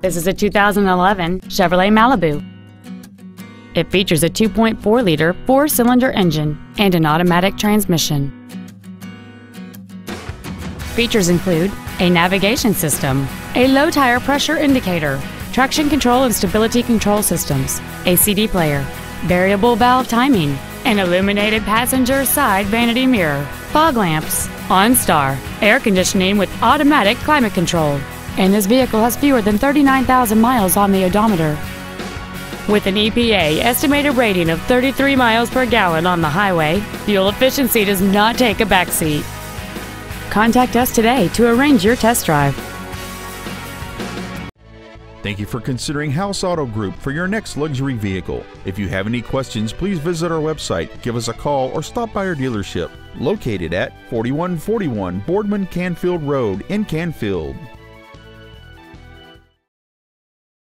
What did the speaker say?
This is a 2011 Chevrolet Malibu. It features a 2.4-liter four-cylinder engine and an automatic transmission. Features include a navigation system, a low tire pressure indicator, traction control and stability control systems, a CD player, variable valve timing, an illuminated passenger side vanity mirror, fog lamps, OnStar, air conditioning with automatic climate control, and this vehicle has fewer than 39,000 miles on the odometer. With an EPA estimated rating of 33 miles per gallon on the highway, fuel efficiency does not take a backseat. Contact us today to arrange your test drive. Thank you for considering House Auto Group for your next luxury vehicle. If you have any questions, please visit our website, give us a call, or stop by our dealership located at 4141 Boardman Canfield Road in Canfield.